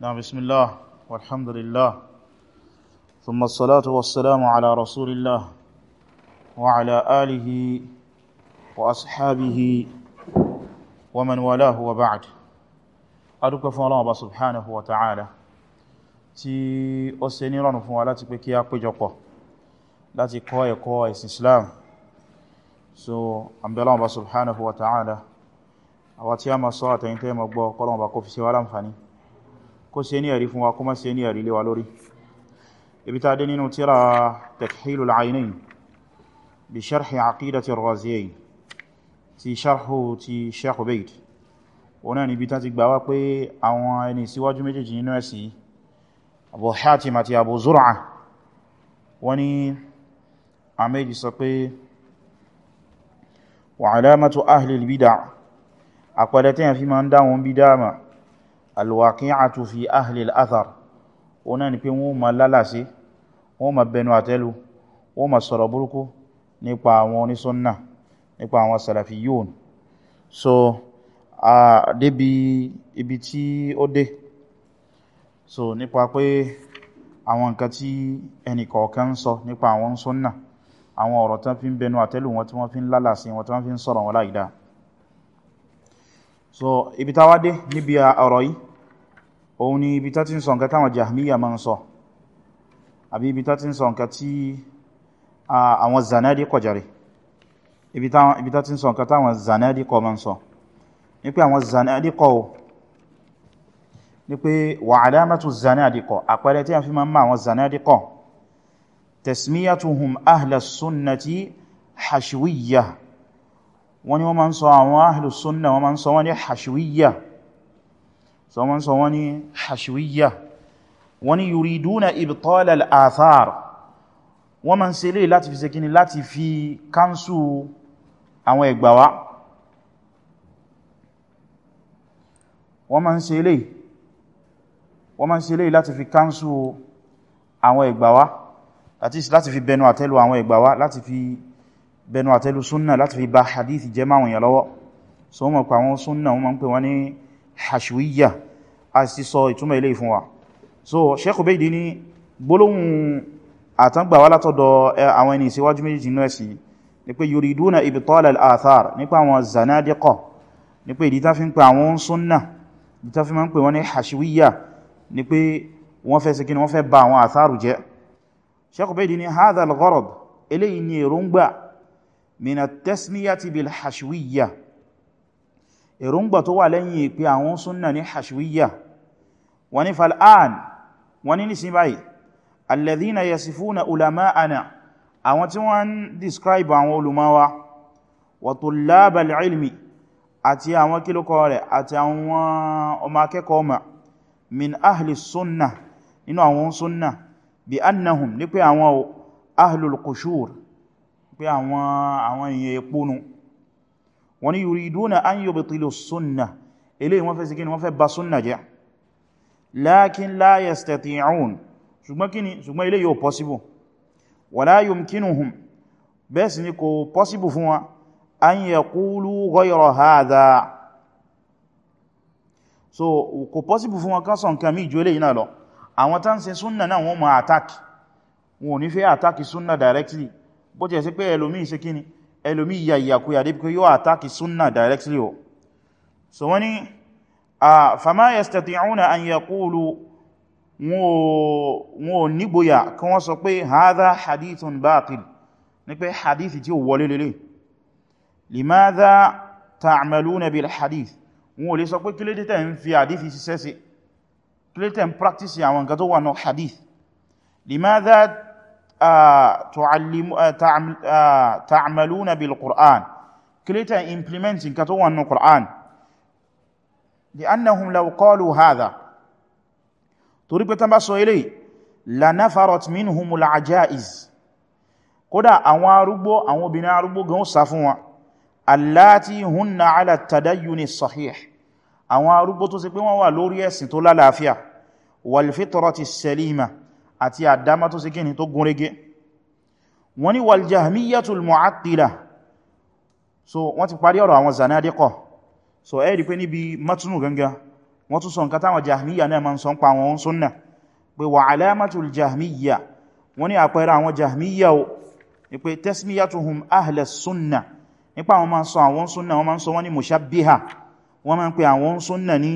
نعم بسم الله والحمد لله ثم الصلاة والسلام على رسول الله وعلى آله وأصحابه ومن والاه وبعد adúpẹ́ fún Ọlọ́run Ọba subhanahu wa ta'ala tí ó ṣe ní rọrùn fún wa láti pé kí a péjọpọ̀ láti kọ́ ẹ̀kọ́ ẹ̀sìn Islam so àmbẹ̀lọ́run Ọba subhanahu wa ta'ala àwa tí a ma sọ àtẹ̀yìntẹ́ ma gbọ́ kọ́lọ́run Ọba kó fi wa láǹfàní kó ṣe ní ẹ̀rí fún wa kó má ṣe ní ẹ̀rí lé wa lórí ibi tá dé nínú tírà Takhilul Aynayn bi sharhi Aqidati ar-Raziyayn ti sharhu ti Sheikh Ubayd òun náà níbi tá ti gbà wá pé àwọn ẹni síwájú méjèèjì nínú ẹ̀sì Abu Hatim àti Abu Zur'ah wọ́n ní sọ pé wa alamatu ahli al-bid'ah fi ma ń dáwọn bídá mà alwaqi'atu fi ahli al-athar o náà ni pé wọ́n ma lálàsí wọ́n ma bẹnu àtẹ́lu wọ́n ma sọ̀rọ̀ burúkú nípa àwọn onísọ́nà nípa àwọn salafiyun so a débi ibi tí ó dé so nípa pé àwọn nǹkan tí ẹnì kọ̀ọ̀kan ń sọ nípa àwọn sọ́nà àwọn ọ̀rọ̀ fi ń bẹnu àtẹ́lu wọn tí fi ń lálàsí wọn tí fi ń sọ̀rọ̀ wọn láìdáa so ibi ta wádé níbi ọ̀rọ̀ yìí òun ni ibi tá ti ń sọ nǹkan táwọn jahmiya ma ń sọ àbí ibi tá ti ń sọ nǹkan tí àwọn zanadi kọjari ibi tá ti ń sọ nǹkan táwọn zanadi kọ ma ń sọ ní pé àwọn zanadi kọ o ní pé wà alamatu zanadi kọ àpẹẹrẹ tí a fi ma ń ma àwọn zanadi kọ tasmiyatuhum ahla sunnati hashwiyah wọ́n ni wọ́n ma ń sọ àwọn ahlus sunna wọ́n ma ń sọ wọ́n ní hashwiyya so wọ́n sọ wọ́n ní hashwiyya wọ́n ni yuriduna ibtal al-athar wọ́n ma ń ṣe lè láti fi ṣe kíni láti fi kánsù àwọn láti fi kánsù àwọn ẹgbàwá láti fi bẹnu àtẹ́lù àwọn ẹgbàwá láti fi bẹnu àtẹ́lù súnnà láti fi bá hadith jẹ́ máwọn èèyàn lọ́wọ́ so wọ́n mọ̀ pa àwọn súnnà wọ́n ma ń wọ́n ní hashwiyya a sì sọ ìtumọ̀ ilé ìfún wa so Sheikh Ubaydi ní gbólóhùn àtàngbà wá látọ̀dọ̀ àwọn ẹni ìsíwájú méjì nínú ẹ̀sì ní pé yuriduna ibtal al-athar nípa àwọn zanadiqa ní pé ìdí tá fi ń pè àwọn súnnà ìdí tá fi máa ń pè wọ́n ní hashwiyya ní jẹ́ Sheikh ni èròǹgbà mina tasmiyati bil hashwiyya èròǹgbà tó wà lẹ́yìn ìpè àwọn súnnà ní hashwiyya wọ́n ní fal'an wọ́n ní nísìn báyìí alladhina yasifuna ulama'ana àwọn tí wọ́n describe àwọn olùmọ́wa wa tullabal ilmi àti àwọn kílùkọ rẹ̀ àti àwọn ọmọ akẹ́kọ̀ọ́ ma min ahli sunna nínú àwọn sunna bi annahum ní pé àwọn ahlul qushur pé àwọn àwọn èèyàn epo nù wọ́n ní yuriduna an yubtilu súnnà eléyìí wọ́n fẹ́ sí kíni wọ́n fẹ́ ba súnnà jẹ́ lakin la yastati'un ṣùgbọ́n kíni ṣùgbọ́n eléyìí ò possible wala yumkinuhum bẹ́ẹ̀ sì ni kò possible fún wa an yaqulu ghayra hadha so kò possible fún wa kan sọ nǹkan mí ju eléyìí náà lọ àwọn tán ṣe súnnà náà wọ́n mọ̀ attack wọn ò ní fẹ́ attack súnnà directly bó ti ẹ̀sí pé ẹlòmí ṣe kíni ẹlòmí ya ìyàkúyà dé pé yóò àtàkì súnnà directly o so wọ́n ni a fama yastati'una an yaqulu wọn ò nígboyà kí wọ́n sọ pé hadha hadithun batil ní pé hadith tí ó wọlé lélẹ̀ limadha ta'maluna bil hadith wọn ò lè sọ pé kílódé tẹ́ ń fi hadith ṣiṣẹ́ sí kílódé ń practice àwọn nǹkan wà náà hadith limadha ta'amaluna bil Qur'an kílítà implement nǹkan tó wọnú Qur'an di annahum law qalu hadha torí pé tán bá sọ ilé la nafarat minhumul ajaiz kódà àwọn arúgbó àwọn obìnrin arúgbó gan sá fún wọn allati hunna ala tadayyuni sahih àwọn arúgbó tó ṣe pé wọ́n wà lórí ẹ̀sìn tó lálàáfíà wal fitrati salima àti àdámá tó sí kíni tó gúnrégé wọ́n ni wal jahmiyyatul mu'attila so wọ́n ti parí ọ̀rọ̀ àwọn zanadiqah so ẹ́ rí pé níbi matunu gangan wọ́n tún sọ nǹkan táwọn jahmiyya náà ma ń sọ ń pa àwọn súnnà pé wà alamatul jahmiyya wọ́n ni àpẹẹrẹ àwọn jahmiyya o ni pé tasmiyatuhum ahla súnnà nípa àwọn máa sọ àwọn súnnà wọ́n máa ń sọ wọ́n ní mushabbiha wọ́n máa ń pè àwọn súnnà ní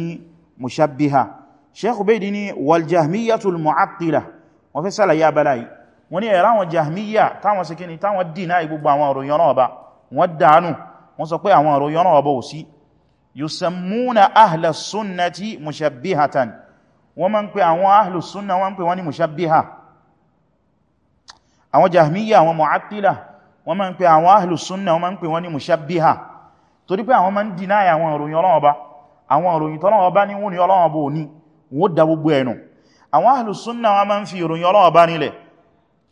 mushabbiha sheikh ubaydi ni wal jahmiyyatul mu'attila wọ́n fẹ́ sàlàyé abala yìí wọ́n ní ẹ̀rá àwọn jahmiya táwọn sí kíni táwọn dìnà ìgbogbo àwọn òròyìn náà ọba wọ́n dánú wọ́n sọ pé àwọn òròyìn náà ọba ò sí yusammuna ahla sunnati mushabbihatan wọ́n máa ń pè àwọn ahlu sunna wọ́n ń pè wọ́n ní mushabbiha àwọn jahmiya àwọn mu'attila wọ́n máa ń pè àwọn ahlu sunna wọ́n máa ń pè wọ́n torí pé àwọn máa ń àwọn òròyìn ọlọ́wọ́ ba àwọn òròyìn tọ́lọ́wọ́ ba ní wọ́n ni ọlọ́wọ́ bò ní wọ́n da gbogbo ẹ̀nù àwọn ahlùsúnnà wọn máa ń fi ìròyìn Ọlọ́run bá nílẹ̀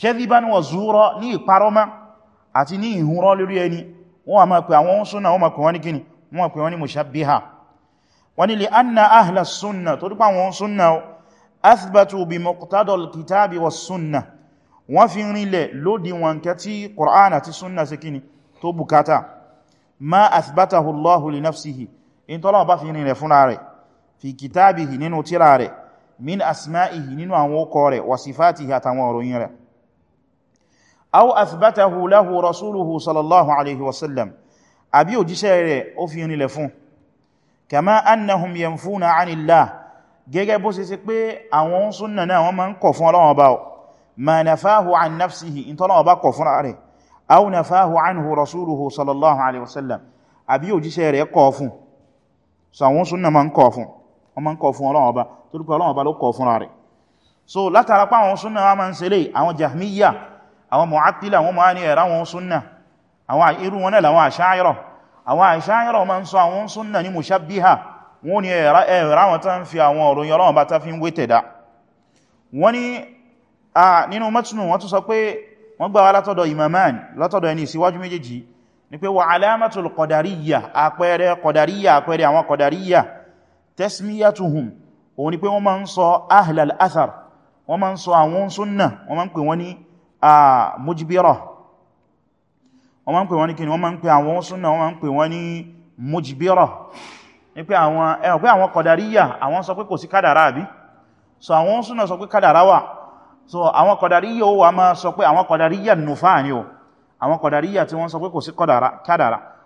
kẹ́díbán wọ zúrọ ní ìparọ́má àti ní ìhúnrọ́ lórí ẹni wọ́n wà máa pè àwọn súnnà wọ́n máa pè wọ́n ní kíni wọ́n pè wọ́n ní mushabbiha wọ́n ni lè anna ahla súnnà tó dípa wọn súnnà athbatu bi muqtadal kitabi wa súnnà wọ́n fi rinlẹ̀ kitabihi nínú tíra rẹ̀ min asma'ihi nínú àwọn okọ rẹ̀ wa sifatihi àtàwọn òròyìn rẹ̀ aw athbatahu lahu rasuluhu sallallahu alaihi wasallam àbí òjíṣẹ́ rẹ̀ ó fi rinlẹ̀ fún kama annahum yanfuna anillah gẹ́gẹ́ bó ṣe ṣe pé àwọn súnnà náà wọ́n ma ń kọ̀ fún Ọlọ́run bá ma nafahu an nafsihi in tọ́lọ́wọ́ bá kọ̀ fún rẹ̀ aw nafahu anhu rasuluhu sallallahu alaihi wasallam àbí òjíṣẹ́ rẹ̀ kọ̀ fún so àwọn súnnà ma ń kọ̀ wọ́n máa ń kọ̀ fún Ọlọ́run Ọba torí pé Ọlọ́run Ọba ló kọ̀ fúnra rẹ̀ so látara pa àwọn súnnà wọ́n máa ń ṣẹlẹ̀ àwọn jahmiya àwọn mu'attila wọ́n máa ní ẹ̀rá wọn súnnà àwọn irú wọn náà làwọn àṣáyírọ̀ àwọn àṣáyírọ̀ máa ń sọ àwọn súnnà ní mushabbiha wọ́n ní ẹ̀rá wọn tán fi àwọn ọ̀rọ̀ yọrọ̀ Ọba tá fi ń wé tẹ̀dá wọ́n ní a nínú mẹ́tùnù wọ́n tún sọ tasmiyatuhum òun ni pé wọ́n máa ń sọ ahlal athar wọ́n máa ń sọ àwọn súnnà wọ́n máa ń pè wọ́n ní mujbira wọ́n máa ń pè wọ́n ní kíni wọ́n máa ń pè àwọn súnnà wọ́n máa ń pè wọ́n ní mujbira ní pé àwọn ẹ̀hùn pé àwọn kọ̀dàríyà àwọn sọ pé kò sí kádàrá àbí so àwọn súnnà sọ pé kádàrá wà so àwọn kọ̀dàríyà ó wà máa sọ pé àwọn kọ̀dàríyà nùfáà ni ó àwọn kọ̀dàríyà tí wọ́n sọ pé kò sí kádàrá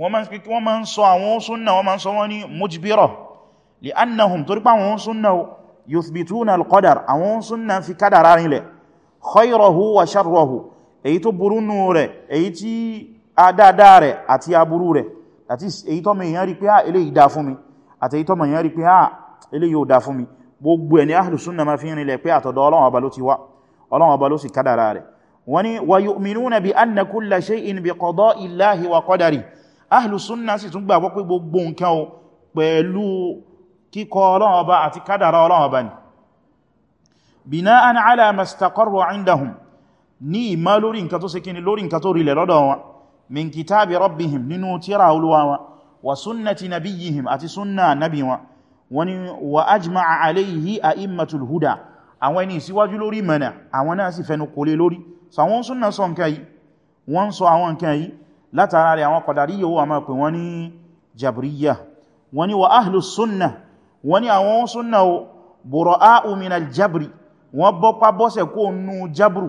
wọ́n máa ń sọ àwọn súnnà wọ́n máa ń sọ wọ́n ní mujbira li annahum torí pa àwọn súnnà yuthbituna al-qadar àwọn súnnà fi kádàrá rinlẹ̀ khayrahu wa sharrahu èyí tó burú nù rẹ̀ èyí tí adáadáa rẹ̀ àti aburú rẹ̀ ah, àti èyí tọ́mọ ahlu sunna sì tún gbàgbọ́ pé gbogbo nǹkan o pẹ̀lú kíkọ Ọlọ́run Ọba àti kádàrá Ọlọ́run Ọba ni bina'an ala mastaqarra indahum ní ìmá lórí nǹkan tó sekini lórí nǹkan tó rilẹ̀ lọ́dọ̀ wọn min kitabi rabbihim nínú tírà Olúwa wọn wa sunnati nabiyyihim àti sunna nabi wọn wani wa ajma'a alayhi a'immatul huda àwọn ẹni síwájú lórí mana àwọn náà sì fẹnu kò lé lórí so àwọn sunna sọ nǹkan yìí wọ́n sọ àwọn nǹkan yìí látara rẹ̀ àwọn kọ̀dàríyà ó àmà pè wọ́n ní jabriya wọ́n ní wa ahlu sunna wọ́n ní àwọn sunna o bura'u minal jabri wọ́n bọ́pá bọ́sẹ̀ kó nú jabru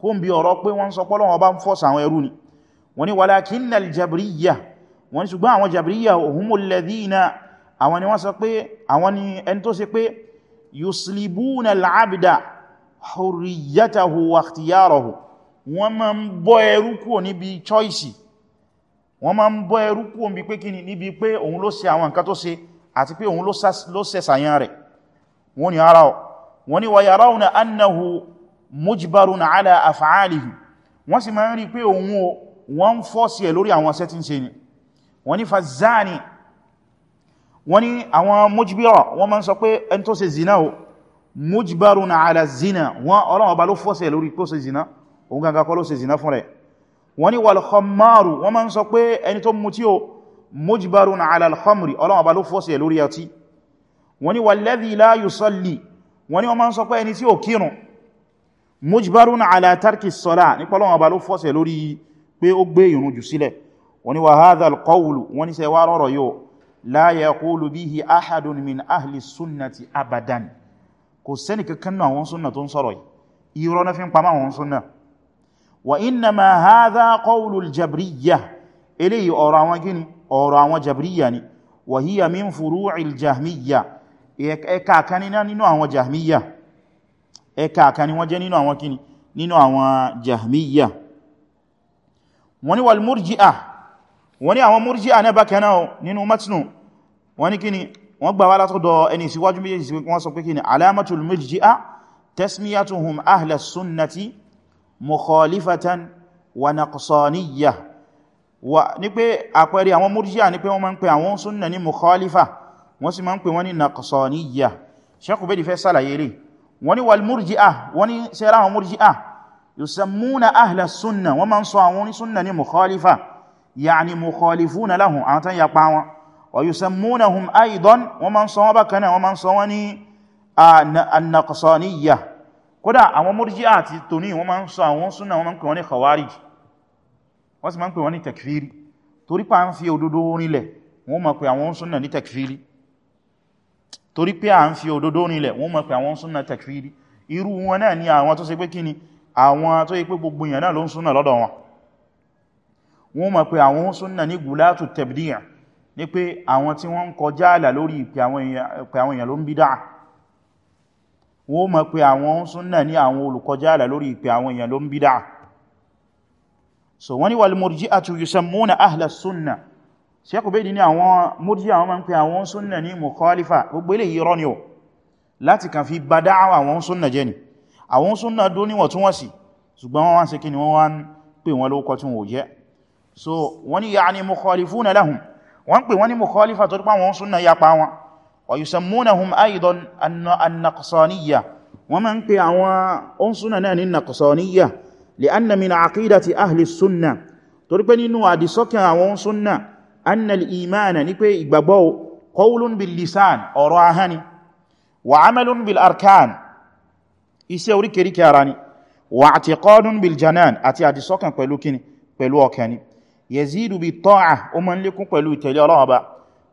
kó ń bí ọ̀rọ̀ pé wọ́n sọ pọ́lọ́wọ́ bá ń fọ́sà àwọn ẹrú ni wọ́n ni wọ́n máa ń bọ́ ẹrú kúrò níbi choice wọ́n máa ń bọ́ ẹrú kúrò níbi pé kíni níbi pé òun ló ṣe àwọn nǹkan tó ṣe àti pé òun ló sẹ̀sàyàn rẹ̀ wọ́n ni ara ọ̀ wọ́n ni wa yarawna ala zina wọ́n ọlọ́wọ́ ba ló fọ́ lórí pé ó ṣe zina òun gangan kọ́ ló ṣe zina fún rẹ̀ wọ́n ni walhammaru wọ́n ma ń sọ pé ẹni tó mutí o mujbarun ala alhamri ọlọ́wọ́ bá ló fọ́sẹ̀ lórí ọtí wọ́n ni walladhi la yusalli wọ́n ni wọ́n ma ń sọ pé ẹni tí ó kírun mujbarun ala tarki ń sọ̀rọ̀ yìí irọ́ súnnà wa innama hadha qawlul jabriyya eléyìí ọ̀rọ̀ àwọn gini ọ̀rọ̀ àwọn jabriyya ni wa hiya min furu'il jahmiyya ẹ̀ka kan nínú àwọn jahmiyya ẹ̀ka kan ni wọ́n jẹ́ nínú àwọn kini nínú àwọn jahmiyya wọ́n ní wal murji'ah wọ́n ní àwọn murji'ah náà bákan náà nínú matnu wọ́n ní kíni wọ́n gbà wá látọ̀dọ̀ ẹni síwájú méjèèjì wọ́n sọ pé kíni alamatul murji'ah tasmiyatuhum ahla sunnati mukhalifatan wa naqsaniyya wa ní pé àpẹẹrẹ àwọn murji'a ní pé wọ́n máa ń pè àwọn súnnà ní mukhalifa wọ́n sì máa ń pè wọ́n ní naqsaniyya Shaykh Ubayd fẹ́ sàlàyé rẹ̀ wọ́n ní wal murji'a wọ́n ní sẹ́ra àwọn murji'a yusammuna ahla súnnà wọ́n máa kódà àwọn mọ́rjíà àti tòní wọ́n máa ń sọ àwọn súnà wọ́n máa ń pè wọ́n ní khawarij wọ́n sì máa ń pè wọ́n ní tekfiri torí pé à ń fi òdodo orinlẹ̀ wọ́n máa pè àwọn súnà ní tekfiri torí pé à ń fi òdodo orinlẹ̀ wọ́n máa pè àwọn súnà tekfiri irú wọn náà ni àwọn tó ṣe pé kíni àwọn tó yẹ pé gbogbo èèyàn náà ló ń súnà lọ́dọ̀ wọn wọ́n máa pè àwọn súnà ní gulatu tabdi'a ní pé àwọn tí wọ́n ń kọjá àlà lórí ìpè àwọn èèyàn ló ń bídáà wọ́n mọ̀ pé àwọn súnnà ní àwọn olùkọjá àlà lórí ìpè àwọn èèyàn ló ń bídá so wọ́n ni wal murji'atu yusammuna ahla súnnà Sheikh Ubaydi ní àwọn murji àwọn máa ń pè àwọn súnnà ní mukhalifa gbogbo ilé yìí rọ́ni ọ̀ láti kàn fi bá dáwà àwọn súnnà jẹ́ ni àwọn súnnà dó níwọ̀n tún so wọ́n ni ya'ni mukhalifuna lahum wọ́n pè wọ́n ni mukhalifa tó ويسمونهم أيضا النقصانية ومن قعوا أنصنا النقصانية لأن من عقيدة أهل السنة تربني نوادي سكا وأنصنا أن الإيمان نكوي إقبابو قول باللسان أراهني وعمل بالأركان إسيوري كري كاراني واعتقاد بالجنان أتي أدي سكا قلوكني قلوكني يزيد بالطاعة ومن لكم قلو تلي الله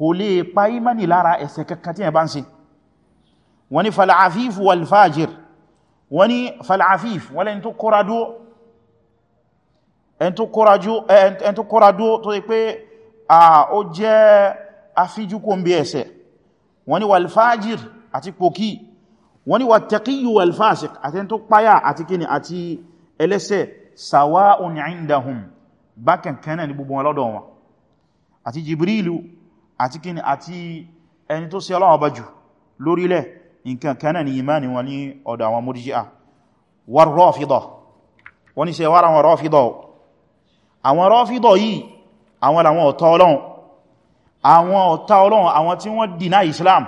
kò lè pa imani lára ẹ̀ṣẹ̀ kankan tí ẹ bá ń ṣe wọ́n ni fal'afif wal-fajir wọ́n ni fal'afif wọ́n lẹ́ni tó kóra dó ẹni tó kóra dó tó yí pé ó jẹ́ afíjúkó ń bí ẹ̀ṣẹ̀ wọ́n ni wal-fajir àti pòkí wọ́n ni wat wal-fasiq àti tó páyà àti kíni àti ẹlẹ́ṣẹ̀ sawa'un 'indahum bákan ni gbogbo wọn lọ́dọ̀ wọn àti Jibrilu àti kíni àti ẹni tó sí ọlọ́wọ́ bájú lórílẹ̀ nǹkan kanáà ni ìmáni wọn ní ọ̀dọ̀ àwọn murji'a wà rọ́fídọ̀ wọ́n ni ṣe wára wọn rọ́fídọ̀ àwọn rọ́fídọ̀ yìí àwọn làwọn ọ̀tá ọlọ́run àwọn ọ̀tá ọlọ́run àwọn tí wọ́n dìná islam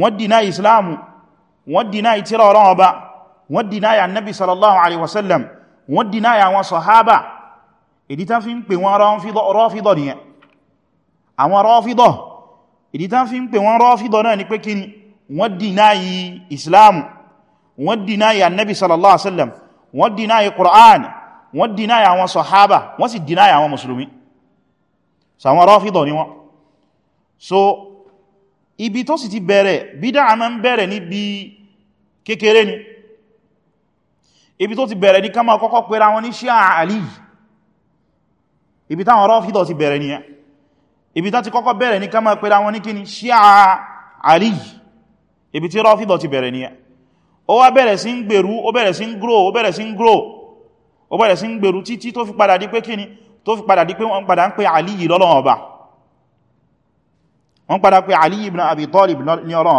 wọ́n dìná islam wọ́n dìná ìtírà ọlọ́run ọba wọ́n àwọn rọ́fídọ̀ ìdí tán fi ń pè wọ́n rọ́fídọ̀ náà ni pé kí wọ́n dìnáyí islamu wọ́n dìnáyí annabi sallallahu alaihi wasallam wọ́n dìnáyí qur'an wọ́n dìnáyí àwọn sahaba wọ́n sì dìnáyí àwọn musulmi so àwọn rọ́fídọ̀ ni wọ́n so ibi tó sì ti bẹ̀rẹ̀ bídá a máa ń bẹ̀rẹ̀ níbi kékeré ni ibi tó ti bẹ̀rẹ̀ ní kọ́kọ́ pera wọn ní ṣíà àlì ibi táwọn rọ́fídọ̀ ti bẹ̀rẹ̀ nìyẹn ibi tá ti kọ́kọ́ bẹ̀rẹ̀ ní ká máa pẹ̀lá wọn ní kíni ṣíà àrí ibi tí rọ́fídọ̀ ti bẹ̀rẹ̀ nìyẹn ó wá bẹ̀rẹ̀ sí ń gbèrú ó bẹ̀rẹ̀ sí ń grow ó bẹ̀rẹ̀ sí ń grow ó bẹ̀rẹ̀ sí ń gbèrú títí tó fi padà di pé kíni tó fi padà di pé wọ́n padà ń pè àlì lọ́lọ́wọ́n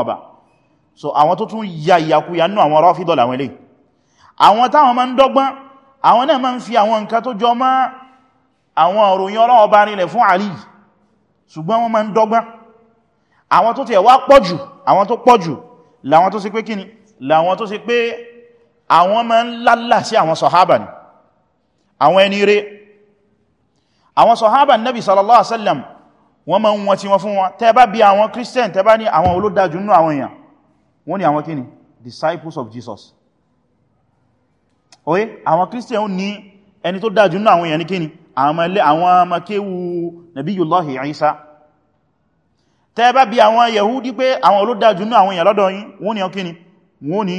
ọba so àwọn tó tún ya ìyàkuyà nínú àwọn rọ́fídọ̀ làwọn eléyìí àwọn táwọn máa ń dọ́gbọ́n àwọn náà máa ń fi àwọn nǹkan tó jọ mọ́ àwọn òròyìn ọlọ́wọ́n ọba rinlẹ̀ fún àlì ṣùgbọ́n wọ́n máa ń dọ́gbọ́n àwọn tó ti ẹ̀wà pọ̀jù àwọn tó pọ̀jù làwọn tó sì pé kíni làwọn tó sì pé àwọn máa ń lálà sí àwọn sọ̀hábà ni àwọn ẹni rẹ̀ àwọn sọ̀hábà nabi sallallahu alaihi wasallam wọ́n máa ń wọ́n tí wọ́n fún christian tẹ́ bá ní àwọn olódájú nínú àwọn èèyàn wọ́n ní àwọn disciples of jesus oye àwọn christian ní ẹni tó dájú nínú àwọn èèyàn ní kíni àwọn amakéwu nàbíyùlọ́hì àìsá tẹ́ bá bí àwọn yahudi pé àwọn olódájú ní àwọn èèyàn lọ́dọ̀ yín wọ́n ní ọkíni wọ́n ní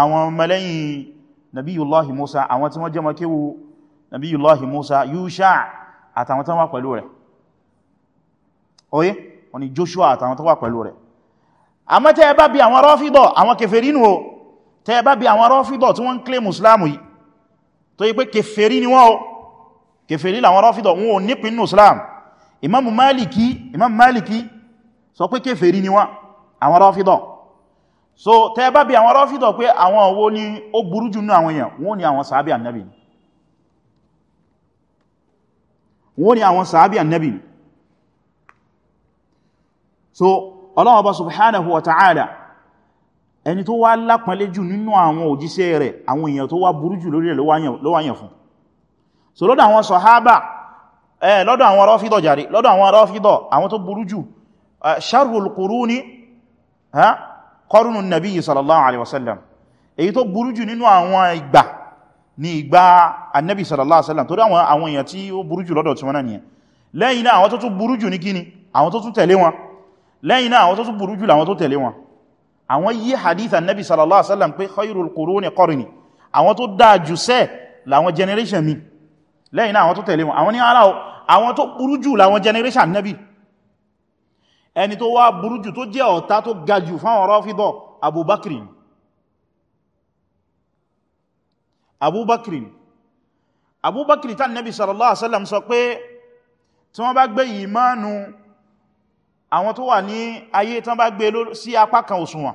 àwọn mẹ́lẹ́yìn nàbíyùlọ́hì musa àwọn tí wọ́n jẹ́ makéwu nàbíyùlọ́hì musa yúṣà àtàwọn tó wà pẹ̀lú rẹ̀ oye wọ́n ní joshua àtàwọn tó wà pẹ̀lú rẹ̀ bí àwọn rọ́fídọ̀ tí wọ́n ń claim tó yí pé kèfèrí ni wọ́n o kèfèrí làwọn rọ́fídọ̀ wọn ò nípin nínú Islam imamu maliki imamu maliki sọ pé kèfèrí ni wọ́n àwọn rọ́fídọ̀ so tẹ́ bá bi àwọn rọ́fídọ̀ pé àwọn wo ni ó burú jù nínú àwọn èèyàn ẹni tó wá lápọ̀nlé jù nínú àwọn òjíṣẹ́ rẹ̀ àwọn èèyàn tó wá burú jù lórí rẹ̀ ló wá yàn fún so lọ́dọ̀ àwọn sọ̀hábà lọ́dọ̀ àwọn rọ́fídọ̀ jàrí lọ́dọ̀ àwọn rọ́fídọ̀ àwọn tó burú jù sharrul quruni qarnu nabi sallallahu alaihi wasallam èyí tó burú jù nínú àwọn ìgbà ni ìgbà annabi sallallahu alaihi wasallam torí àwọn èèyàn tí ó burú jù lọ́dọ̀ tí wọ́n nìyẹn lẹ́yìn náà àwọn tó tún burú jù ní kíni àwọn yí hadith annabi sallallahu alaihi wasallam pé khairul quruni qarni àwọn tó dáa jù sẹ́ làwọn generation mi lẹ́yìn náà àwọn tó tẹ̀lé wọn àwọn ní ara àwọn tó burú jù làwọn generation annabi ẹni tó wá burú jù tó jẹ́ ọ̀tá tó ga jù fáwọn Rafida abubakrin abubakrin abubakrin tán nabi sallallahu alaihi wasallam sọ pé tí wọ́n bá gbé ìmánu àwọn tó wà ní ayé tán bá gbé sí apá kan òṣùwọ̀n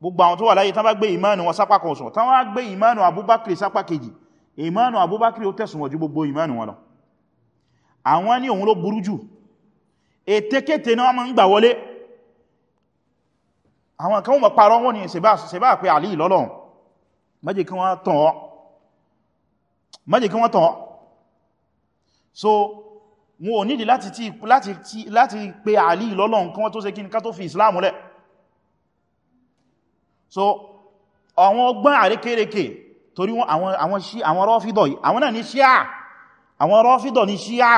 gbogbo àwọn tó wà láyé tán bá gbé ìmánu wọn sápá kan òṣùwọ̀n tán wá gbé ìmánu abúbákiri sápá kejì ìmánu abúbákiri ó tẹ̀sùnwọ̀n ju gbogbo ìmánu wọn lọ àwọn ní òun ló burú jù ètekéte náà ma ń gbà wọlé àwọn kan wọ́n parọ́ wọ́n ni sẹ̀bá pé àlì lọ́lọ́run májè kí wọ́n tàn ọ́ so wọn ò nídi láti pe àlì lọ́lọ́n kan tó ṣe kí ní ká tó fi islam lẹ̀ so àwọn ọgbọ́n àrékèrèkè torí àwọn rọ́fídọ̀ yìí àwọn náà ní ṣíà àwọn rọ́fídọ̀ ní ṣíà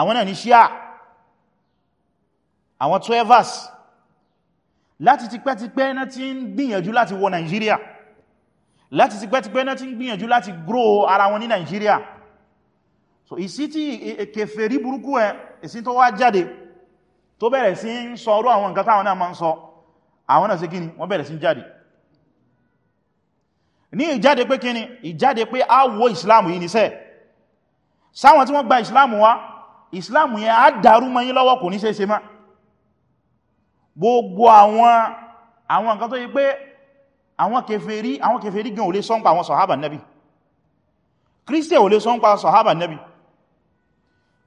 àwọn náà ní ṣíà àwọn twelvers láti tipẹ́tipẹ́ náà ti ń gbìyànjú láti wọ Nigeria láti tipẹ́tipẹ́ náà ti ń gbìyànjú láti grow ara wọn ní Nigeria so ìsí tí kèfèrí burúkú ẹ ìsí tó wá jáde tó bẹ̀rẹ̀ sí ń sọ orú àwọn nǹkan táwọn náà ma ń sọ àwọn náà sí kíni wọ́n bẹ̀rẹ̀ sí jáde ní ìjáde pé kíni ìjáde pé a wo ìsìláàmù yìí níṣẹ́ sáwọn tí wọ́n gba ìsìláàmù wá ìsìláàmù yẹn á dàrú mọ́ yín lọ́wọ́ kò ní ṣe é ṣe gbogbo àwọn àwọn nǹkan tó yí pé àwọn kèfèrí gan ò lè àwọn sọ̀hábà nẹ́bì kírísítẹ̀ ò lè sọ̀hábà nẹ́bì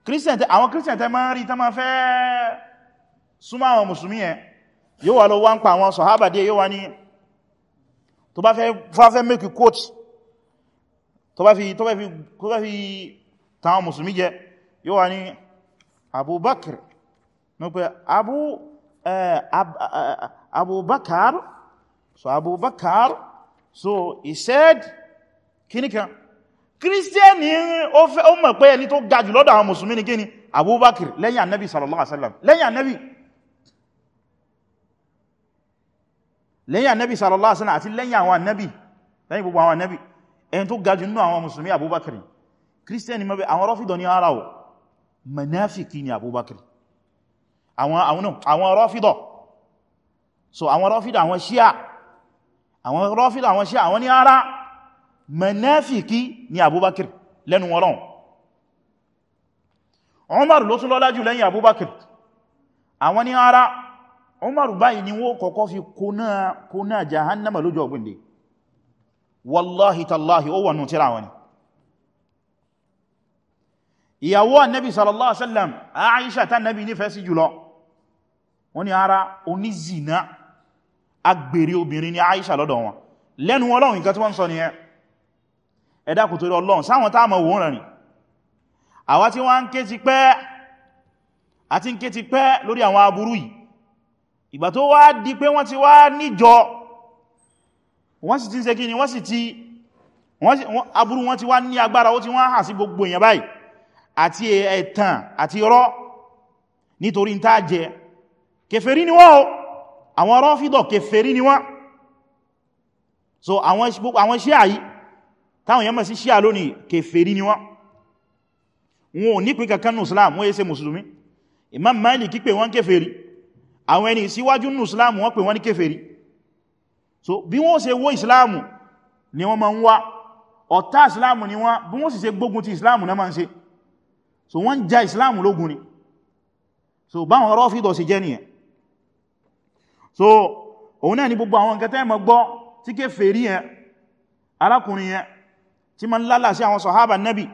christian tẹ àwọn christian tẹ máa rí tán máa fẹ́ súnmọ́ àwọn mùsùlùmí ẹ yóò wà lọ wá ń pa àwọn sọ̀hábà díẹ̀ yóò wá ní tó bá fẹ́ make you quote tó bá fi tó bá fi tàwọn mùsùlùmí jẹ yóò wá ní abubakar ní pé abu abubakar so abubakar so he said kíníkan kírísítíẹ́nì ó mọ̀ pé ẹni tó ga jù lọ́dọ̀ àwọn mùsùlùmí ní kíni abubakir lẹ́yìn annabi sallallahu alaihi wasallam lẹ́yìn annabi lẹ́yìn annabi sallallahu alaihi wasallam àti lẹ́yìn àwọn annabi lẹ́yìn gbogbo àwọn annabi ẹni tó ga jù nínú àwọn mùsùlùmí abubakir kírísítíẹ́nì mọ́bẹ̀ àwọn rọ́fìdọ̀ ní ara ọ̀ manáfikí ni abubakir àwọn rọ́fìdọ̀ so àwọn rọ́fìdọ̀ àwọn ṣíà àwọn rọ́fìdọ̀ àwọn ṣíà àwọn ní manáfíkí ni abubakir lẹ́nu ọlọ́run umar ló tún lọ́lá jù lẹ́yìn abubakir àwọn ní ara umar báyìí ni wó kọ́kọ́ fi kóná jahannama lójú ọgbìnde wallahi tallahi ó wà nù tíra wọn ìyàwó annabi sallallahu alaihi wasallam aisha ta nabi nífẹ́ sí jùlọ wọ́n ní ara onízìnà agbèrè obìnrin ni aisha lọ́dọ̀ wọn lẹ́nu ọlọ́run nǹkan tí wọ́n sọ nìyẹn ẹ̀dá kò torí ọlọ́run sáwọn táàmà wò ń rìn àwa tí wọ́n ń ké ti pẹ́ àti ń ké ti pẹ́ lórí àwọn aburú yìí ìgbà tó wá di pé wọ́n ti wá níjọ wọ́n sì ti ń ṣe ni wọ́n sì ti aburú wọn ti wá ní agbára ó ti wá hà sí gbogbo èèyàn báyìí àti ẹ̀tàn àti irọ́ nítorí ń jẹ kèfèrí ni wọ́n o àwọn Ràfídà kèfèrí ni wọ́n so àwọn iṣẹ́ àyí táwọn yẹn mọ̀ sí ṣíà lónìí kèfèrí ni wọ́n wọn ò nípin kankan nù wọ́n yẹ́ ṣe mùsùlùmí imam Malik pè wọ́n kèfèrí àwọn ẹni síwájú nù wọ́n pè wọ́n ní kèfèrí so bí wọ́n ṣe wó islam ni wọ́n máa ń wá ọ̀tá islam ni wọ́n bí wọ́n sì ṣe gbógun ti islam náà máa ń ṣe so wọ́n ja islam lógun ni so báwọn Rọ́fídọ̀ ṣe jẹ́ nìyẹn so òun náà ni gbogbo àwọn nǹkan tẹ́ mọ̀ gbọ́ tí kèfèrí yẹn arákùnrin yẹn tí ma ń lálà sí àwọn sọ̀hábà nẹ́bì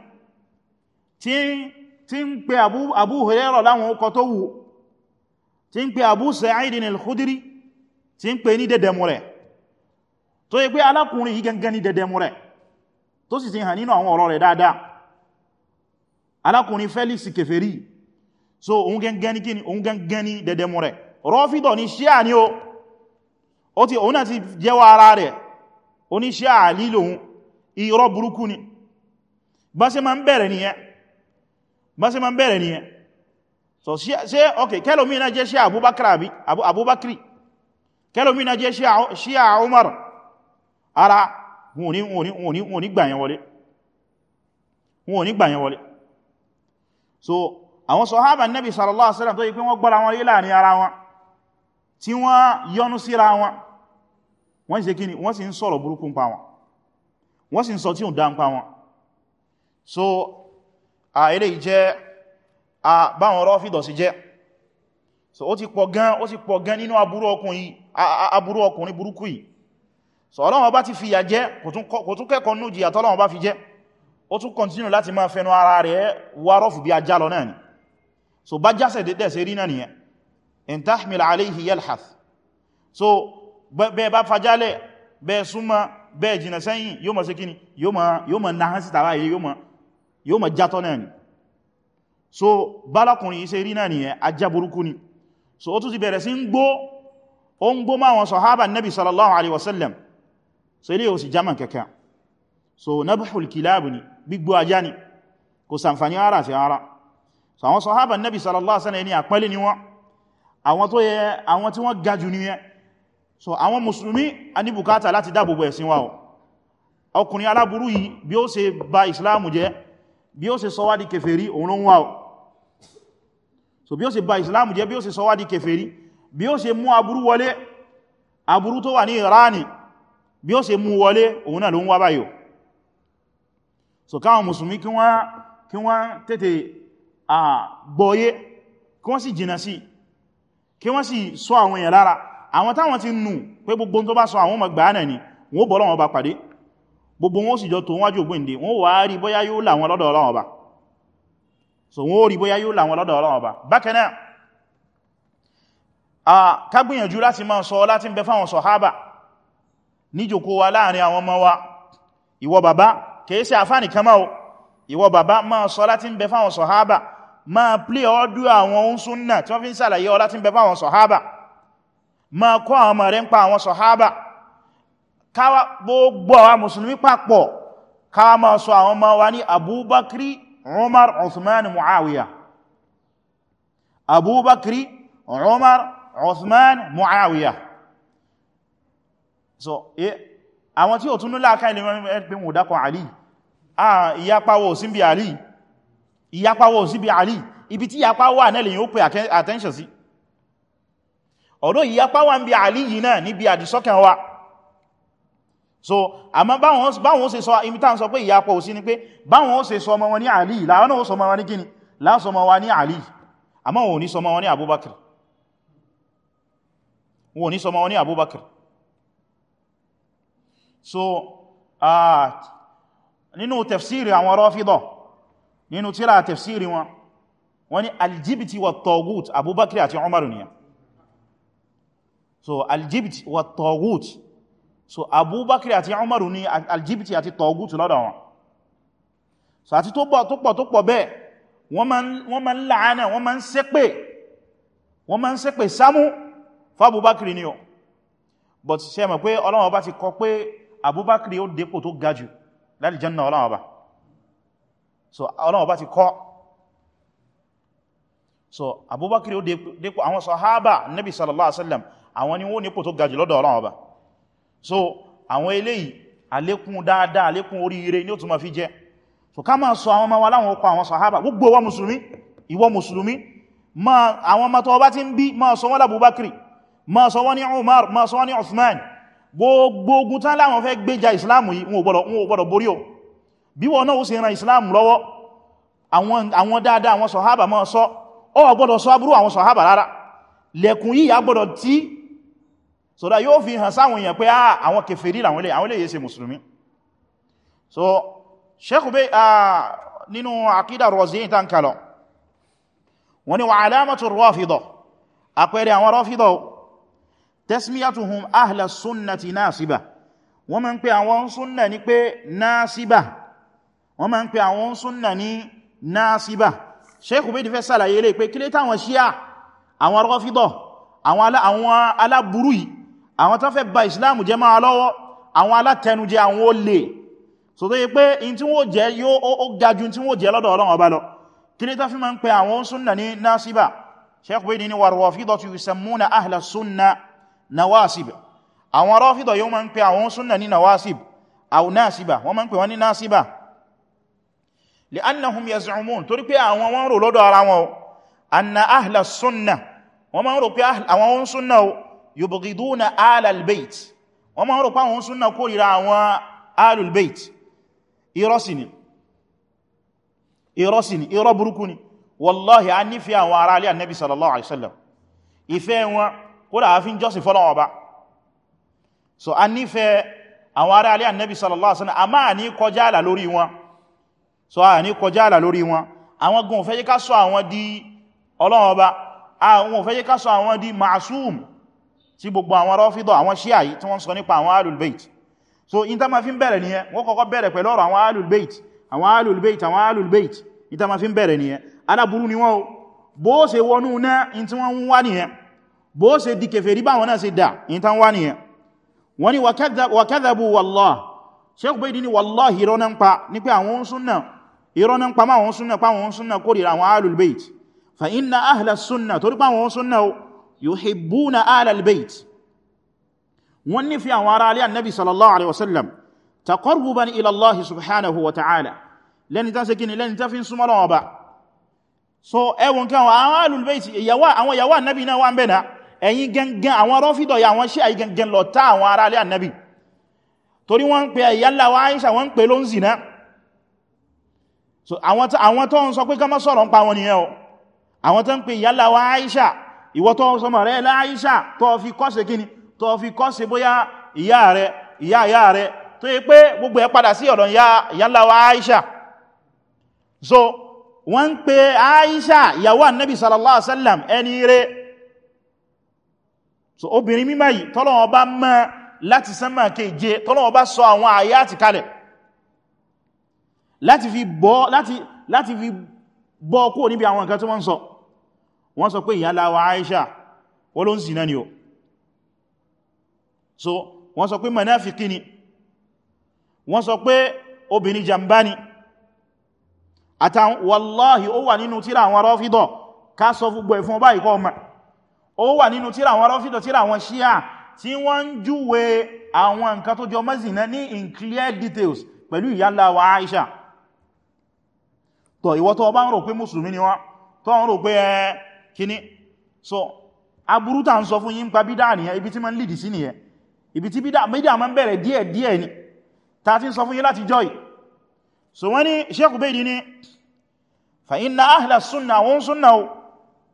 tí ń pe Abu Hurairah láwọn ọkọ̀ tó wù tí ń pe Abu Sa'idin al-Khudri tí ń pe ní dẹ̀dẹ̀mù rẹ̀ tó yí pé alákùnrin yí gangan ní dẹ̀dẹ̀mù rẹ̀ tó sì ti hàn nínú àwọn ọ̀rọ̀ rẹ̀ dáadáa alákùnrin Felix kèfèrí so òun gangan ní kíni òun gangan ní dẹ̀dẹ̀mù rẹ̀ rọ́fídọ̀ ní ṣíà ní o ó ti òun irọ́ burúkú ni bá ṣe ma ń bẹ̀rẹ̀ nìyẹn bá ṣe ma ń bẹ̀rẹ̀ nìyẹn so ṣe ok kẹlòmínà jẹ́ ṣíà abubakari abubakari kẹlòmínà jẹ́ ṣíà umar ara wọn ò ní gbàyẹn wọlé wọn ò ní gbàyẹn so àwọn sọ̀hábà nẹ́bì sallallahu alaihi wasallam tó yí pé wọ́n gbọ́ra wọn yí láàrin ara wọn tí wọ́n yọnu sì ń sọ̀rọ̀ burúkú pa wọn wọ́n sì ń sọ tí ò dáa ń pa wọn so àìrè jẹ́ àbáwọn rọ́fìdọ̀ sí jẹ́ so ó ti pọ̀ gan ó ti pọ̀ gan nínú aburú ọkùnrin burúkú yìí so Ọlọ́run bá ti fìyà jẹ́ kò tún kẹ́kọ̀ọ́ nú jìyà tọ́lọ́run bá fi jẹ́ ó tún kọntínú láti máa fẹnu ara rẹ̀ wá rọ́fù bí ajá lọ náà ni so bá jásẹ̀ dédé sí rí náà nìyẹn in tahmil alayhi yalhath so bẹ́ẹ̀ bá fajálẹ̀ bẹ́ẹ̀ súnmọ́ bẹ́ẹ̀ jìnà sẹ́yìn yóò mọ̀ sí kíni yóò mọ̀ náà sí tàbá ilé yóò mọ̀ játọ́ náà ni so bálákùnrin iṣẹ́ rí náà nìyẹn ajá ni so ó tún ti bẹ̀rẹ̀ sí ń gbó ó ń gbó máa wọn sọ̀hábà nabi sallallahu alaihi wasallam so ilé yóò sì jaman kẹkẹ so nabhul so àwọn sọ̀hábà nabi sallallahu alaihi wasallam ni àpẹẹlẹ ni wọn àwọn tó yẹ so àwọn Muslimi a ní bùkátà láti dáàbòbò ẹ̀sìn wa o ọkùnrin aláburú yìí bí ó ṣe bà ìsìláàmù jẹ́ bí ó ṣe sọ wá di kèfèrí òun lóhun wa o so bí ó ṣe bà ìsìláàmù jẹ́ bí ó ṣe sọ wá di kèfèrí bí ó ṣe mú aburú wọlé aburú tó wà ní Irani bí ó ṣe mú wọlé òun náà ló ń wá báyìí o so káwọn mùsùlùmí kí wọ́n tete a tètè gbọ́yé kí wọ́n sì jìnà sí kí wọ́n sì sọ àwọn èèyàn àwọn táwọn ti nù pé gbogbo tó bá sọ àwọn ọmọ gbà ni wọ́n bọ́ lọ́wọ́ bá pàdé gbogbo wọn ó sì jọ tó wájú ògbìndé wọ́n wà rí bóyá so wọ́n ó rí bóyá yóò làwọn lọ́dọ̀ Ọlọ́run Ọba bákan náà a ká gbìyànjú láti máa sọ láti ń bẹ fáwọn sọ̀hábà níjòkó wa láàrin àwọn ọmọ wa ìwọ bàbá kìí sí àfáàní kan máa ìwọ bàbá máa sọ láti ń bẹ tí wọ́n fi ń sàlàyé ọ láti ń bẹ fáwọn sọ̀hábà ma kọ́ àwọn ọmọ rẹ̀ ń pa àwọn sọ̀hábà káwà gbogbo àwọn musulmi papọ̀ káwà ma sọ àwọn ọmọ wa ní abubakri umar uthman muawiya abubakri umar uthman muawiya so e, àwọn tí ó tún nílá ká ilé mẹ́rin pé wọ́n dákọ̀ àlì ìyapawọ̀ sí bí àlì ibi tí ìyapawọ̀ wà náà lè yíó pè attention sí si ọ̀dọ́ ìyapa wà ń bí àlì náà níbi àdìsọ́kàn wa so àmọ́ báwọn ṣe sọ imitan sọ pé ìyapa ò sí ni pé báwọn ṣe sọ ọmọ wọn ní àlì láwọn náà sọ ọmọ wọn ní kíni láwọn sọ ọmọ wọn ní àlì àmọ́ wọn ò ní sọ ọmọ wọn ní Abubakar wọn ò ní sọ ọmọ wọn ní Abubakar so aljibt wa togut so abubakar àti umaru ni aljibt àti togut lọ́dọ̀ wọn so àti tó pọ̀ tó pọ̀ tó pọ̀ bẹ́ẹ̀ wọ́n ma ń láàánà wọ́n ma ń ṣépè wọ́n ma ń ṣépè sámú fábúbákìrì ni o but ṣe mọ̀ pé Ọlọ́run Ọba ti kọ pé abúbákìrì ó dépò tó ga jù láti janna Ọlọ́run Ọba so Ọlọ́run Ọba ti kọ so abúbákìrì ó dépò àwọn sahaba nabi sallallahu alaihi wasallam àwọn ni wọ́n nípò tó gajù lọ́dọ̀ Ọlọ́run Ọba so àwọn eléyìí àlékún dáadáa àlékún oríire ní ó túnmọ̀ fi jẹ́ so ká máa sọ àwọn ọmọ wa láwọn ọkọ̀ àwọn sàhábà gbogbo wa mùsùlùmí ìwọ mùsùlùmí àwọn ọmọ tó bá ti ń bí máa sọ wọ́n lábúbákiri máa sọ wọ́n ni Umar máa sọ wọ́n ní Uthman gbogbo ogun tán láwọn fẹ́ gbéjà ìsìláàmù yìí wọn ò gbọ́dọ̀ borí o bí wọn náà ó sì ran ìsìláàmù lọ́wọ́ àwọn dáadáa àwọn sàhábà máa sọ ó gbọ́dọ̀ sọ aburú àwọn sàhábà rárá lẹ́kùn yìí a tí so that yóò fi hàn sáwọn èèyàn pé ah, àwọn kèfèrí làwọn ilé àwọn ilé yìí ṣe mùsùlùmí so Sheikh bẹ́ ah, nínú àkídà Raziyayn tán kalọ̀ wọ́n ni wà alamatu Rāfidah àpẹẹrẹ àwọn Rāfidah tasmiyatuhum ahla sunnati nasiba wọ́n ma ń pè àwọn súnnà ní pé nasiba wọ́n ma ń pè àwọn súnnà ní nasiba Sheikh ti fẹ́ sàlàyé lè pé kílé táwọn Shia àwọn Rāfidah àwọn aláburú yìí àwọn tán fẹ́ ba islam jẹ́ máa lọ́wọ́ àwọn alátẹnujẹ àwọn olè so tó yí pé in tí wọ́n jẹ́ yóò ó gajú tí wọ́n jẹ́ lọ́dọ̀ Ọlọ́run ọba lọ kí ní tán fi máa ń pẹ àwọn súnnà ní násíbà sẹ́kùwé ní wà rọ̀fídọ̀ yusammuna ahla súnnà nawasib àwọn rọ́fídọ̀ yóò máa ń pẹ àwọn súnnà ní nawasib àwọn násíbà wọ́n máa ń pẹ wọ́n ní yubghiduna alal bait wọ́n máa rò páwọn súnnà kórìíra àwọn alul bait irọ́ sí ni irọ́ sí ni irọ́ burúkú ni wallahi a nífẹ́ àwọn ará alẹ́ annabi sallallahu alaihi wasallam ìfẹ́ wọn kódà a fi ń jọ́sìn fọ́lọ́wọ́ ba so a nífẹ́ àwọn ará alẹ́ annabi sallallahu alaihi wasallam a máa ní kọjá àlà tí gbogbo àwọn rọ́fídọ̀ àwọn ṣíà yìí tí wọ́n sọ nípa àwọn alulbait so in ta ma fi ń bẹ̀rẹ̀ nìyẹn wọ́n kọ́kọ́ bẹ̀rẹ̀ pẹ̀lú ọ̀rọ̀ àwọn alulbait àwọn alulbait àwọn alulbait in ta ma fi ń bẹ̀rẹ̀ nìyẹn aláburú ni wọ́n o bó ṣe wọnú náà in tí wọ́n ń wá nìyẹn bó ṣe di kèfèrí bá wọn náà ṣe dà in ta ń wá nìyẹn wọ́n ni wàkẹ́dàbù wàlláh Sheikh Baydi ni wàlláh irọ́ náà ń pa ní pé àwọn súnnà irọ́ náà ń pa máwọn súnnà pa àwọn súnnà kórìíra àwọn alulbait fa inna ahla súnnà torí pa àwọn súnnà o yuhibbuna alal bait wọ́n nífẹ̀ẹ́ àwọn ará alẹ́ annabi sallallahu alaihi wasallam taqarruban ila Allah subhanahu wa ta'ala lẹ́ni tán ṣe kíni lẹ́ni tán fi ń súnmọ́ lọ́wọ́ ba so ẹwọ̀n kan àwọn alùlbẹ̀ẹ̀tì àwọn ìyàwó annabi náà wà ń bẹ̀nà ẹ̀yin gangan àwọn rọ́fídọ̀ ya wọ́n ṣe àyí gangan lọ tá àwọn ará alẹ́ annabi torí wọ́n ń pè ẹ̀yàlá wa Aisha wọ́n ń pè ló ń zina so àwọn tó ń sọ pé ká má sọ̀rọ̀ ń pa wọn o àwọn tó ń pè wa Aisha ìwọ tó sọmọ rẹ̀ láàíṣà tó fi kọ́ṣe kíni tó fi kọ́ṣe bóyá ìyá rẹ̀ ìyá ìyá rẹ̀ tó yí pé gbogbo ẹ padà sí ọ̀dọ̀ ìyáláwà àíṣà so wọ́n pe àíṣà ìyàwó annabi sallallahu alaihi wasallam ẹni so obìnrin mímọ̀ yìí tọ́lọ́wọ́ bá mọ́ láti keje tọ́lọ́wọ́ bá sọ àwọn àyá ti kalẹ̀ láti fi bọ́ láti láti fi bọ́ kó níbi àwọn nǹkan tí wọ́n ń sọ wọ́n sọ pé ìyàlá wa Aisha wọ́n ló ń zina ni o so wọ́n sọ pé manáfikí ni wọ́n sọ pé obìnrin jàmbá ni àtàwọn wallahi ó wà nínú tíra àwọn rọ́fídọ̀ ká sọ gbogbo ẹ̀ fún ọba ìkọ́ ọmọ ó wà nínú tíra àwọn rọ́fídọ̀ tíra àwọn ṣíà tí wọ́n ń júwe àwọn nǹkan tó jọ mọ́sìnà ní in clear details pẹ̀lú ìyàlá wa Aisha tọ̀ ìwọ tó bá ń rò pé mùsùlùmí ni wọ́n tó ń rò pé ẹ́ kíní so aburú tá ń sọ fún yín pa bídá nìyẹn ibi tí ma ń lìdì sí nìyẹn ibi tí bídá méjì ma ń bẹ̀rẹ̀ díẹ̀ díẹ̀ ni ta ti ń sọ fún yín láti jọ́ì so wọ́n ni Sheikh Baidi ni fa inna ahla sunna wọn sunna o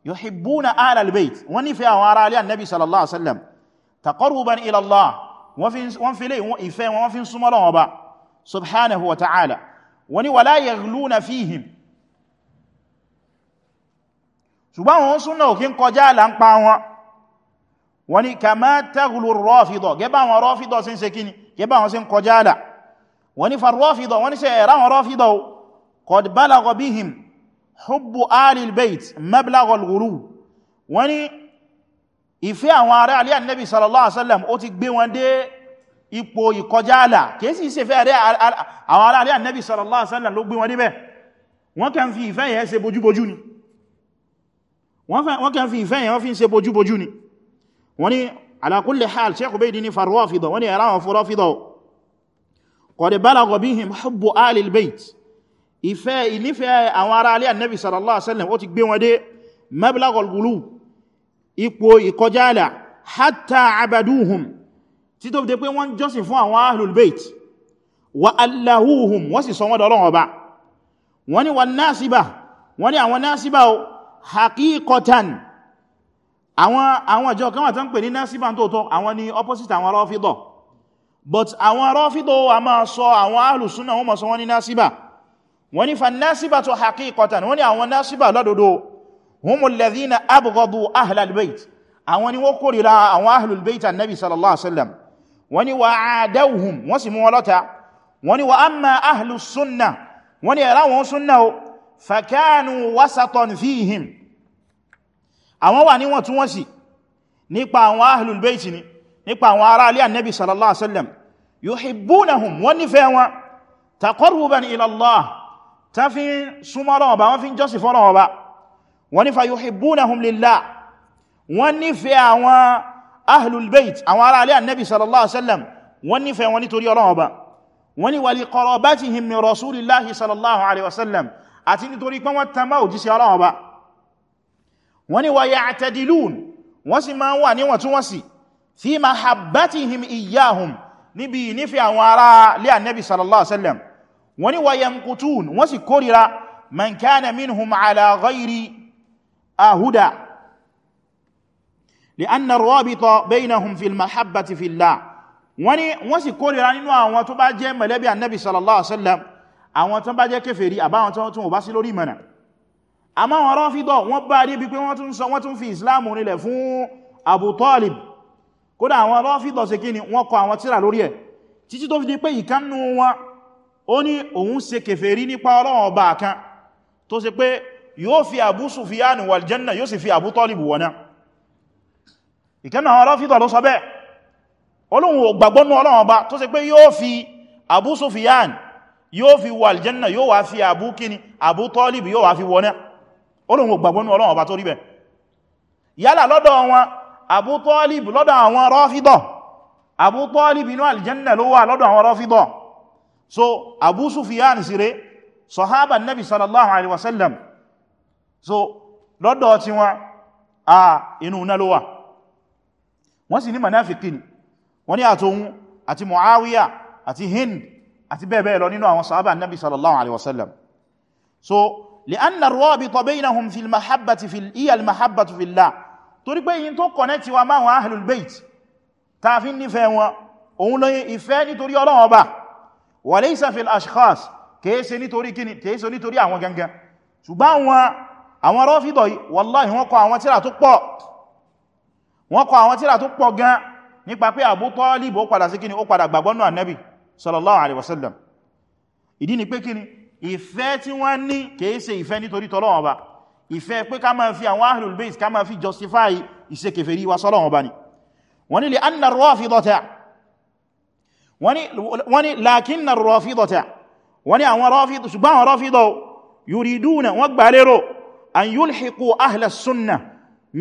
yuhibbuna ahla albayt wọ́n nífẹ̀ẹ́ àwọn ará alẹ́ annabi sallallahu alaihi wasallam taqarruban ila Allah wọ́n fi lè ìfẹ́ wọn fi súnmọ́ wala yaghluna fihim ṣùgbọ́n wọn súnà òkín kọjá àlà ń pa wọn wọ́n ni kama taglu rọ́fìdọ̀ gẹ́bà wọn rọ́fìdọ̀ sí ń ṣe kíni gẹ́bà wọn sí ń kọjá àlà wọ́n ni farọ́fìdọ̀ wọ́n ni ṣe ẹ̀rá wọn rọ́fìdọ̀ qad balagha bihim hubbu alil bait mablaghal ghulu wọ́n ni ìfẹ́ àwọn ará alẹ́ annabi sallallahu alaihi wasallam ó ti gbé wọn dé ipò ìkọjá fi ìfẹ́ yẹn ṣe bojúbojú ni wọ́n kàn fi ìfẹ́ yẹn wọ́n fi ń ṣe bojúbojú ni wọ́n ni ala kulli hal Sheikh Ubaydi ni farwafida wọ́n ni ẹ̀rá wọn furafida qad balagha bihim hubbu alil bayt ìfẹ́ ìnífẹ́ àwọn ará alẹ́ annabi sallallahu alaihi wasallam ó ti gbé wọn dé mablagul ghulub ipò ìkọjáàlà hatta abaduhum tí tó dé pé wọ́n jọ́sìn fún àwọn ahlul bayt wa allahuhum wọ́n sì haqiqatan àwọn àwọn ìjọ kan wà tán pè ní násíbà tó tọ́ àwọn ni opposite àwọn rọ́fídọ̀ but àwọn rọ́fídọ̀ wà máa sọ àwọn alùsúnà wọ́n máa sọ wọ́n ní násíbà wọ́n ní fa násíbà tó haqiqatan wọ́n ní àwọn násíbà lọ́dọ̀dọ̀ humul ladhina abghadu ahlal bayt àwọn ni wọ́n kórìíra àwọn ahlul bayt annabi sallallahu alaihi wasallam wọ́n ní wa adawhum wọ́n sì mú wọn lọ́ta wọ́n wa amma ahlus sunnah wọ́n ní ẹ̀rá wọn sunnah fakanu wasatan fihim àwọn wà ní wọ́n tún wọ́n sí nípa àwọn ahlul bayti ni nípa àwọn ará alẹ́ annabi sallallahu alaihi wasallam yuhibbunahum wọ́n nífẹ́ wọn taqarruban ila Allah ta fi súnmọ́lọ́ ọba wọ́n fi jọ́sì fọ́lọ́ ọba wọ́n nífẹ́ yuhibbunahum lillah wọ́n nífẹ́ àwọn ahlul bayt àwọn ará alẹ́ annabi sallallahu alaihi wasallam àti nítorí pé wọ́n tamá òjíṣẹ́ Ọlọ́run Ọba wọ́n ni wa ya'tadilun wọ́n sì máa ń wà níwọ̀ntúnwọ̀nsì fi mahabbatihim iyyahum níbi ìnífẹ́ àwọn ará lé Ànábì sallallahu alaihi wasallam wọ́n ni wa yanqutun wọ́n sì kórìíra man kana minhum ala ghayri ahuda àwọn tó bá jẹ́ sallallahu alaihi wasallam àwọn tán bá jẹ́ kèfèrí àbáwọn tán tún ò bá sí lórí ìmọ̀nà àmọ́ wọn Rāfidah wọ́n bá dé bí pé wọ́n tún sọ wọ́n tún fi Islam rinlẹ̀ fún Abu Talib kódà àwọn Rāfidah ṣe kí ni wọ́n kọ àwọn tírà lórí ẹ̀ títí tó fi di pé ìkánnú wọn ó ní òun ṣe kèfèrí nípa Ọlọ́run ọba kan tó ṣe pé yóò fi Abu Sufyan wal Janna yóò sì fi Abu Talib wọ̀nà ìkánnú àwọn Rāfidah ló sọ bẹ́ẹ̀ olóhun ò gbàgbọ́nú Ọlọ́run ọba tó ṣe pé yóò fi Abu Sufyan yóò fi wà aljanna yóò wá fi àbú kíni àbú tọ́lìbì yóò wá fi wọ́ná olóhun gbàgbọ́nú ọlọ́run ọba tó rí bẹ̀ yálà lọ́dọ̀ wọn àbú tọ́lìbì lọ́dọ̀ àwọn rọ́fídọ̀ àbú tọ́lìbì inú aljanna ló wà lọ́dọ̀ àwọn rọ́fídọ̀ so àbú sufiyan sire sọ̀hábà nabi sallallahu alaihi wasallam so lọ́dọ̀ tí wọn a inú na ló wà wọ́n sì ní manafikin wọ́n ní àti bẹ́ẹ̀ bẹ́ẹ̀ lọ nínú àwọn sahaba nabi sallallahu alaihi wasallam so li'anna ar-rabita baynahum fil mahabbati fil iya al-mahabbatu fillah torí pé yin tó connect wa ma wa ahlul bait ta fi nífẹ̀ẹ́ wọn òun ló ìfẹ́ nítorí Ọlọ́run Ọba wa laysa fil ashkhas kèése nítorí kíni kèése nítorí àwọn gangan ṣùgbọ́n wọn àwọn rọ́fídọ̀ yìí wallahi wọ́n kọ àwọn tíra tó pọ̀ wọ́n kọ àwọn tíra tó pọ̀ gan nípa pé Abu Talib padà sí kíni ó padà gbàgbọ́nù ànábì sallallahu alaihi wasallam ìdí ni pé kí ni ìfẹ́ tí wọ́n ní kìí ṣe ìfẹ́ nítorí tọ́lọ́wọ́n ọba ìfẹ́ pé ká máa fi àwọn ahlul bayt ká máa fi justify ìṣe kèfèrí wa sọ́lọ́wọ́n ọba ni wọ́n ni lè anna rọ́fídọ́ta wọ́n ni lakinna rọ́fídọ́ta wọ́n ni àwọn rọ́fídọ́ ṣùgbọ́n àwọn rọ́fídọ́ yuriduna wọ́n gbà an yulhiqu ahla sunna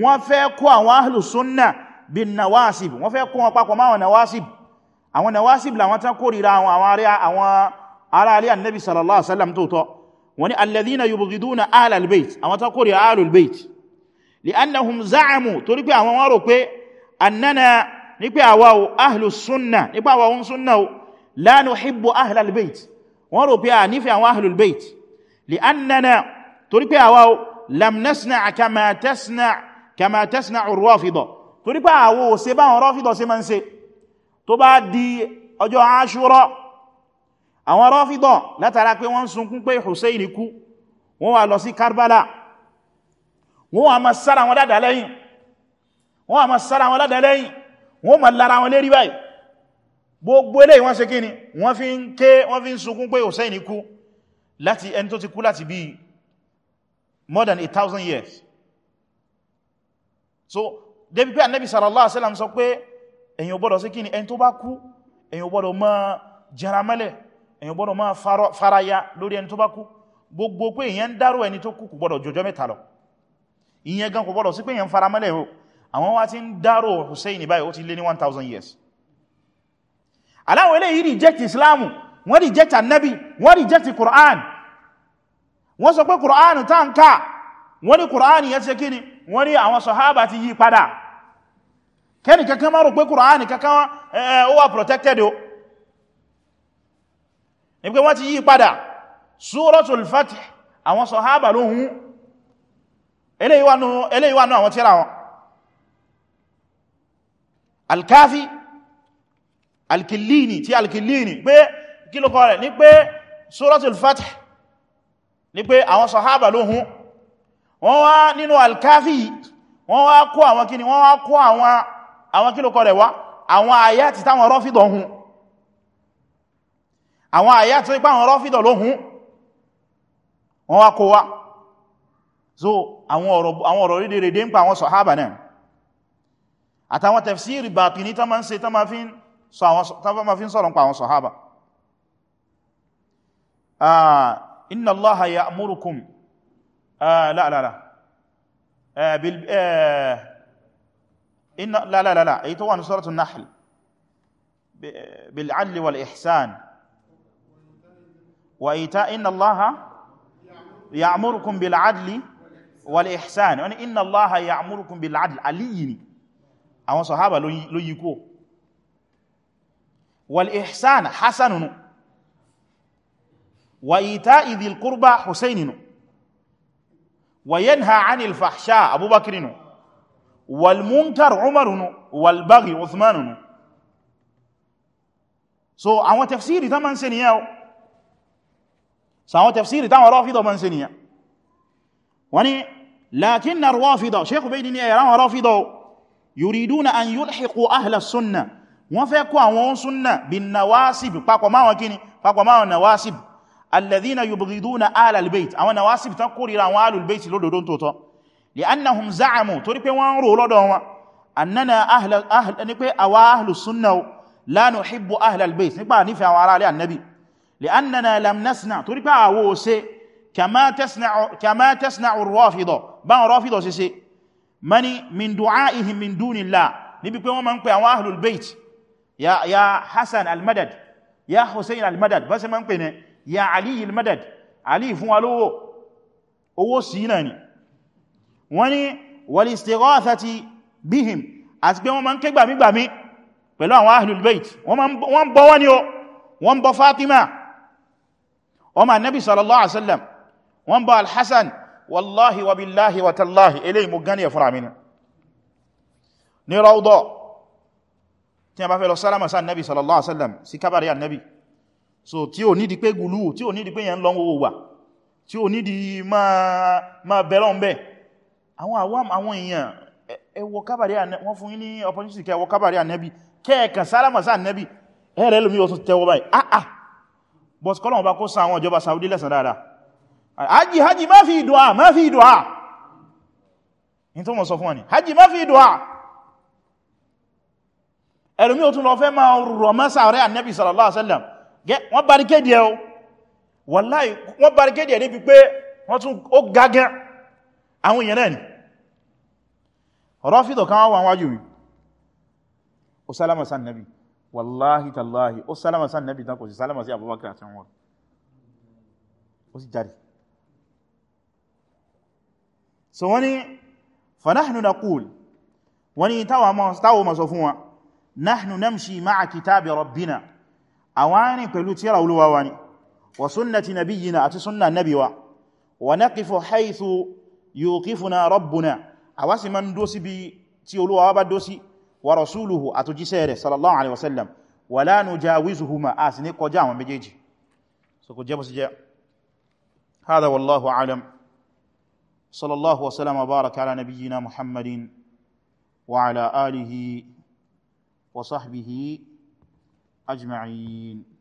wọ́n fẹ́ kó àwọn ahlus sunna bin nawasib wọ́n fẹ́ kó wọn papọ̀ máwọn nawasib àwọn nawasib làwọn tán kórìíra àwọn àwọn ará alẹ́ annabi sallallahu alaihi wasallam tóótọ́ wọ́n ni alladhina yubghiduna ahlal bayt àwọn tán kórìíra ahlul bayt li'annahum za'amu torí pé àwọn wọ́n rò pé annana ní pé àwa ahlus sunna ní pé àwa ohun sunna la nuhibbu àwọn ahlul kama tasna'u rafida torí pé àwa ò ṣe báwọn rafida ṣe máa ń tó bá di ọjọ́ aṣúrọ́ àwọn rọ́fídọ̀ látara pé wọ́n sunkún pé Hussein kú wọ́n wà lọ sí Karbala wọ́n wà máa sára wọn dáadáa lẹ́yìn wọ́n wà máa sára wọn dáadáa lẹ́yìn wọ́n máa lára wọn lérí báyìí gbogbo eléyìí wọ́n ṣe kíni wọ́n fi ń ké wọ́n fi ń sunkún pé Hussein kú láti ẹni tó ti kú láti bí more than a thousand years so débi pé annabi sallallahu alaihi wasallam sọ pé èyàn gbọ́dọ̀ sí kíni ẹni tó bá kú èyàn gbọ́dọ̀ máa jẹramẹ́lẹ̀ èyàn gbọ́dọ̀ máa faraya lórí ẹni tó bá kú gbogbo pé èyàn ń dárò ẹni tó kú kò gbọ́dọ̀ jọjọ́ mẹ́ta lọ ìyẹn gan kò gbọ́dọ̀ sí pé èyàn faramẹ́lẹ̀ o àwọn wá ti ń dárò Hussein báyìí ó ti lé ní 1000 years aláwọ̀ eléyìí reject Islamu wọ́n reject annabi wọ́n reject Quran wọ́n sọ pé Quran tá ń ká wọ́n ní Quran yẹn ti ṣe kíni wọ́n ní àwọn sahaba ti yí padà kẹ́ni kankan máa rò pé Kùránì kankan ó wà protected o ní pé wọ́n ti yí padà Suratul Fath àwọn sàhábà ló hún eléyìí wà nínú àwọn tírà wọn Al-Kafi Al-Killini ti Al-Killini pé kí ló kọ́ rẹ̀ ní pé Suratul Fath ní pé àwọn sàhábà ló hún wọ́n wá nínú Al-Kafi wọ́n wá kó àwọn kíni wọ́n wá kó àwọn àwọn kí ló kọ́ rẹ̀ wá àwọn àyá ti táwọn rọ́fìdọ̀ hun àwọn àyá tó ipá àwọn rọ́fìdọ̀ ló wọ́n wá kó wá so àwọn ọ̀rọ̀ rídè rèdè ń pa àwọn sọ̀hábà náà àtàwọn tafsiri bàtìní tó máa ń inna allaha bil إن لا لا لا لا أي طبعا سورة النحل بالعدل والإحسان وإيتاء إن الله يعمركم بالعدل والإحسان يعني إن الله يعمركم بالعدل عليين أما صحابة لويكو والإحسان حسن وإيتاء ذي القربى حسين وينهى عن الفحشاء أبو بكر walmunkar umarunu walbaghi uthmanunu so àwọn tafsiri ta ma ń ṣe nìyà o so àwọn tafsiri ta wọn rọ́fídọ̀ ma ń ṣe nìyà wani lakin na rọ́fídọ̀ sheikh bai dini ẹ̀yà wọn rọ́fídọ̀ yuriduna an yulhiqu ahla sunna wọ́n fẹ́ kó àwọn sunna bin nawasib papọ̀ máwọn kini papọ̀ máwọn nawasib alladhina yubghiduna ahlal bait àwọn nawasib tán kórìíra àwọn ahlul bait lódòdó tótọ́ li'annahum za'amu torí pé wọ́n rò lọ́dọ̀ wọn annana ahla ni pé àwa ahlu sunna la nuhibbu ahla albayt nípa nífẹ̀ẹ́ àwọn ará ilé annabi li'annana lam nasna torí pé àwa ṣe kama tasna'u kama tasna'u ar-rafida ban rafida ṣe ṣe mani min du'a'ihim min dunillah níbi pé wọ́n máa ń pè àwọn ahlu albayt ya ya hasan almadad ya hussein almadad bá ṣe máa ń pè ne ya ali almadad ali fún wa lówó owó sí náà ni wọ́n ní wal istighathati bihim àti pé wọ́n ma ń ké gbàmígbàmí pẹ̀lú àwọn ahlul bait wọ́n bọ́ wọ́n ni o wọ́n bọ́ Fatima ọmọ nabi sallallahu alaihi wasallam wọ́n bọ́ al-Hasan wallahi wa billahi wa tallahi eléyìí mo gani ẹ̀fúnra mi ní rọ́ọ̀dọ́ tí a bá fẹ́ lọ sálámà sáà nabi sallallahu alaihi wasallam sí so tí o nídi pé gùlù tí o nídi pé yẹn lọ́wọ́ tí o nídi máa bẹ̀rọ̀ bẹ́ẹ̀ àwọn àwọ́m àwọn èèyàn ẹwọ kábàrí wọ́n fún yín ní opportunity kẹwọ kábàrí ànẹ́bí kẹ́ẹ̀kan sálámàsá ànẹ́bí ẹ̀rẹ́ lómi ọ̀tún tẹwọ báyìí ah ah but kọ́lọ̀ ọba kó Saudi lẹ́san dáadáa hajji hajji má fi dùá má fi dùá in tó mọ̀ sọ fún wọn ni hajji má fi dùá ẹlòmí òtún sallallahu alaihi wasallam wọ́n barricade ẹ̀ o wallahi wọ́n barricade ẹ̀ níbi pé wọ́n tún ó gágẹ́ àwọn èèyàn ni rọ́fídọ̀ kan wà wájú rí ó sálámà sán nabi wallahi tallahi ó sálámà sán nabi tán kò sí sálámà sí abubakar àti wọn ó sì jáde so wani fanahnu naqul wani tawo ma sọ fún wa nahnu namshi ma'a kitabi rabbina awani pẹ̀lú tírà Olúwa wa ni wa sunnati nabiyyina àti sunna nabiwa wa naqifu haythu yuqifuna rabbuna àwa sì máa ń dó sí bí tí olúwa bá dó sí wa rasuluhu àtòjíṣẹ́ rẹ̀ sallallahu alaihi wasallam wala nujawizuhuma a sì ní kọjá àwọn méjèèjì so kò jẹ́ bó sì jẹ́ hada wallahu ajma'in